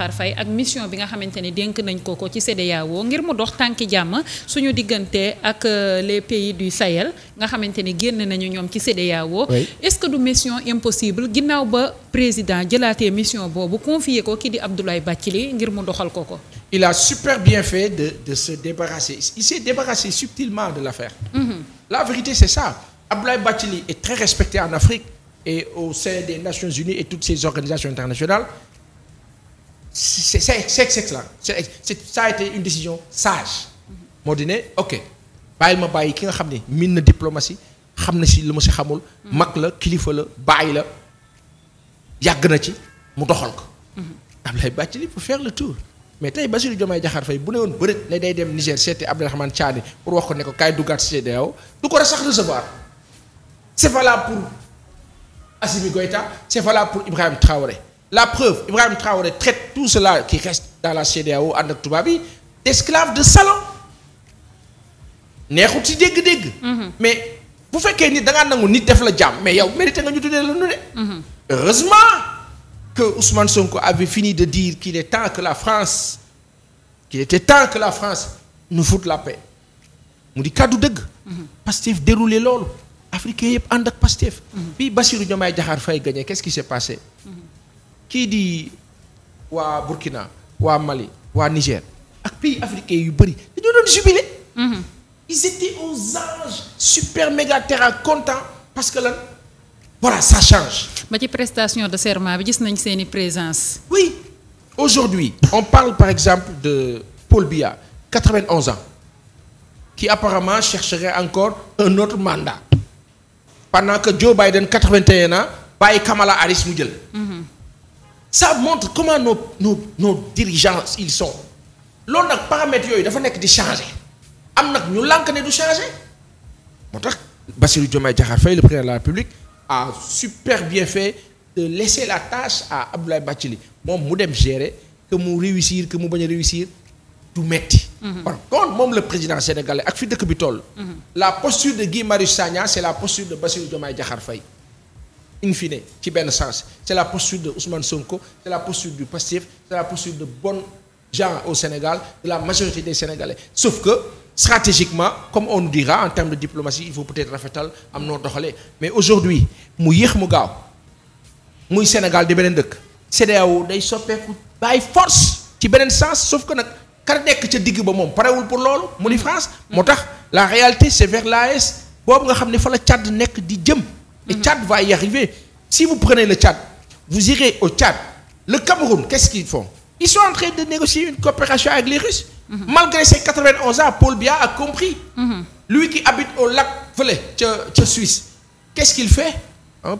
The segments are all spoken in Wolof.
Makhtar Faye ak mission bi nga xamante ne dénk nañ ko ko ci CEDEAO ngir mu dox tànki jàmm suñu diggante ak euh, les pays du Sahel nga xamante ne génn nañu ñoom ci CEDEAO est-ce que du mission impossible ginnaaw ba président jëlaatee mission boobu confier ko kii di Abdoulaye Bathily ngir mu doxal ko ko il a super bien fait de de se débarrasser il s'est débarrassé subtilement de l'affaire mm -hmm. la vérité c'est ça Abdoulaye Bathily est très respecté en Afrique c'est c'est excellent c'est ça a une décision sage. moo di ne ok bàyyil ma bàyyi ki nga xam ne miin na diplomasi xam na si lu ma si xamul. mag la kilifa la bàyyi la yàgg na ci mu doxal ko. Abdoulaye Bathily pour faire le tour. mais tey ba si Bassirou Diomaye Diakhar fay bu ne woon bëri ne day dem Niger seeti Abdourahmane Tiani pour wax ko ne ko kaay duggaat CEDEAO du ko sax recevoir c'est valable pour Assimi Goïta c'est valable pour Ibrahim Traoré. La preuve, Ibrahim Traoré traite tout cela qui reste dans la CEDEAO ànd ak tubaab yi d'esclaves de salon neexut ci dégg-dégg. Mhm. mais bu fekkee nit da ngaa nangu nit def la jàmm mais yow mérité nga ñu tuddee la nu de. Mhm. heureusement que Ousmane Sonko avait fini de dire qu'il est temps que la France qu'il était temps que la France nous foute la paix mu di kàddu dëgg. Mhm. Pastef déroulé loolu africain yëpp ànd ak Pastef. bi Bassirou Diomaye Diakhar Faye gagné qu'est-ce qui s'est passé. kii di waa Burkina waa Mali waa Niger ak pays africains yu bëri dañoo doon jubilé. Mhm. ils étaient aux anges super méga terra parce que la voilà ça change. ba ci prestation de serment bi gis nañ seeni présence. oui aujourd'hui on parle par exemple de Paul Biya 91 ans qui apparemment chercherait encore un autre mandat pendant que Joe Biden ans bàyyi Kamala Harris mu jël. Mhm. ça montre comment nos nos nos dirigeants ils sont loolu nag paramètres yooyu dafa nekk di changer am nag ñu lànk ne du changer moo tax Bassirou Diomaye Diakhar fay le président la République a super bien fait de laisser la tâche à Abdoulaye Bathily moom mu dem gérer que mu réussir que mu bañ a réussir du metti mhm. par contre moom le président sénégalais ak fi dëkk bi toll mhm. la posture de Guy Marius Sagna c'est la posture de Bassirou Diomaye Diakhar fay in ci benn sens c'est la posture de Ousmane Sonko c'est la posture du Pastef c'est la posture de bon gens au Sénégal de la majorité des Sénégalais sauf que stratégiquement comme on nous dira en termes de diplomatie il faut peut-être rafetal am noo doxalee mais aujourd'hui mu yéex mu gaaw muy Sénégal di beneen dëkk CEDEAO day soppeeku bàyyi force ci beneen sens sauf que nag kar nekk ca digg ba moom parewul pour loolu mu ni France moo tax la réalité c'est boobu nga xam ne fa la nekk di jëm Et Tchad va y arriver. Si vous prenez le Tchad, vous irez au Tchad. Le Cameroun, qu'est-ce qu'ils font? Ils sont en de négocier une coopération avec les Russes. Mm -hmm. Malgré ses 91 ans, Paul Biya a compris. Mm -hmm. Lui qui habite au lac Velay ca ca Suisse. Qu'est-ce qu'il fait?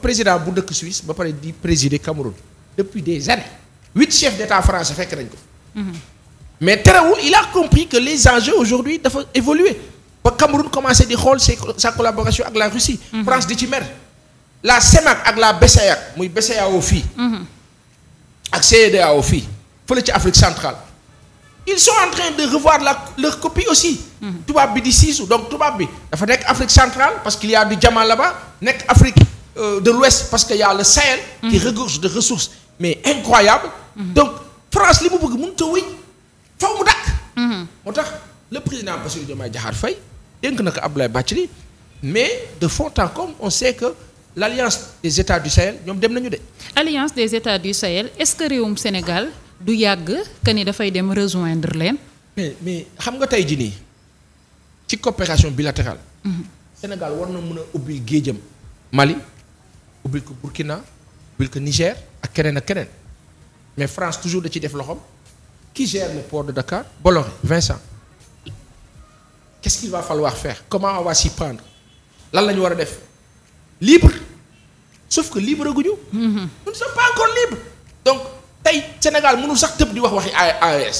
président bu dëkk Suisse ba pare di présider Cameroun depuis des années. Huit chefs d'État français fekk nañ ko. Mhm. mais terewul il a compris les enjeux aujourd'hui dafa évoluer ba di xool sa collaboration ak la Russie. Mhm. France di ci la CEMAC ak la BCEAO muy BCEAO fii. Mhm. ak CEDEAO fii fële ci Afrique centrale. ils sont en train de revoir la leur copie aussi. Mhm. tubaab bi di siisu donc tubaab bi dafa nekk Afrique centrale parce qu'il y a du diamant là-bas nekk Afrique euh, de l'Ouest parce que yàlla a le Sahel. Mhm. de ressources mais incroyables. donc France li mu bëgg mënut a wéy faw mu dàkk. moo tax le président Bassirou Diomaye Diakhar Faye dénk na ko Abdoulaye Bathily mais de fond en l' alliance des états du Sahel ñoom dem nañu de. alliance des états du Sahel est ce que réewum Sénégal du yàgg que ni dafay dem rejoindre leen. mais mais xam nga tey jii nii ci coopération bilatérale. Mhm. Sénégal war na mën a ubbil géejam Mali ubbil ko Burkina ubbil ko Niger ak keneen ak keneen mais France toujours da ci def loxoom qui gère le port de Dakar Bolloré Vincent qu'est-ce qu'il va falloir faire comment on va s'y prendre lan la ñu war a def libre. sauf que libre guñu. Mm-hmm. nous ne sommes pas encore libres. donc tey Sénégal mënul sax tëb di wax waxi AES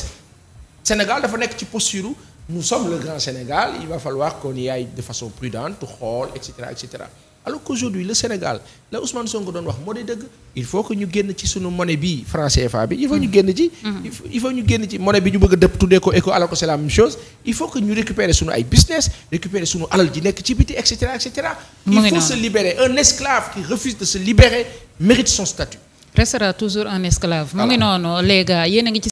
Sénégal dafa nekk ci posture nous sommes le grand Sénégal il va falloir qu'on kon aille de façon prudente xool et cetera et cetera. alors qu'aujourd'hui le Sénégal la Ousmane Sonko doon wax moo di dëgg il faut que ñu génn ci suñu monnaie bi franc CFA bi il faut ñu mhm. ñu génn ci monnaie bi ñu bëgg a dëpp tuddee ko éco alors que c'est chose il faut que ñu récupérer suñu ay business récupérer suñu alal ji nekk ci biti et cetera il faut se libérer un esclave qui refuse de se libérer mérite son statut restera toujours un esclave mu ngi noonu léegi yéen a ngi ci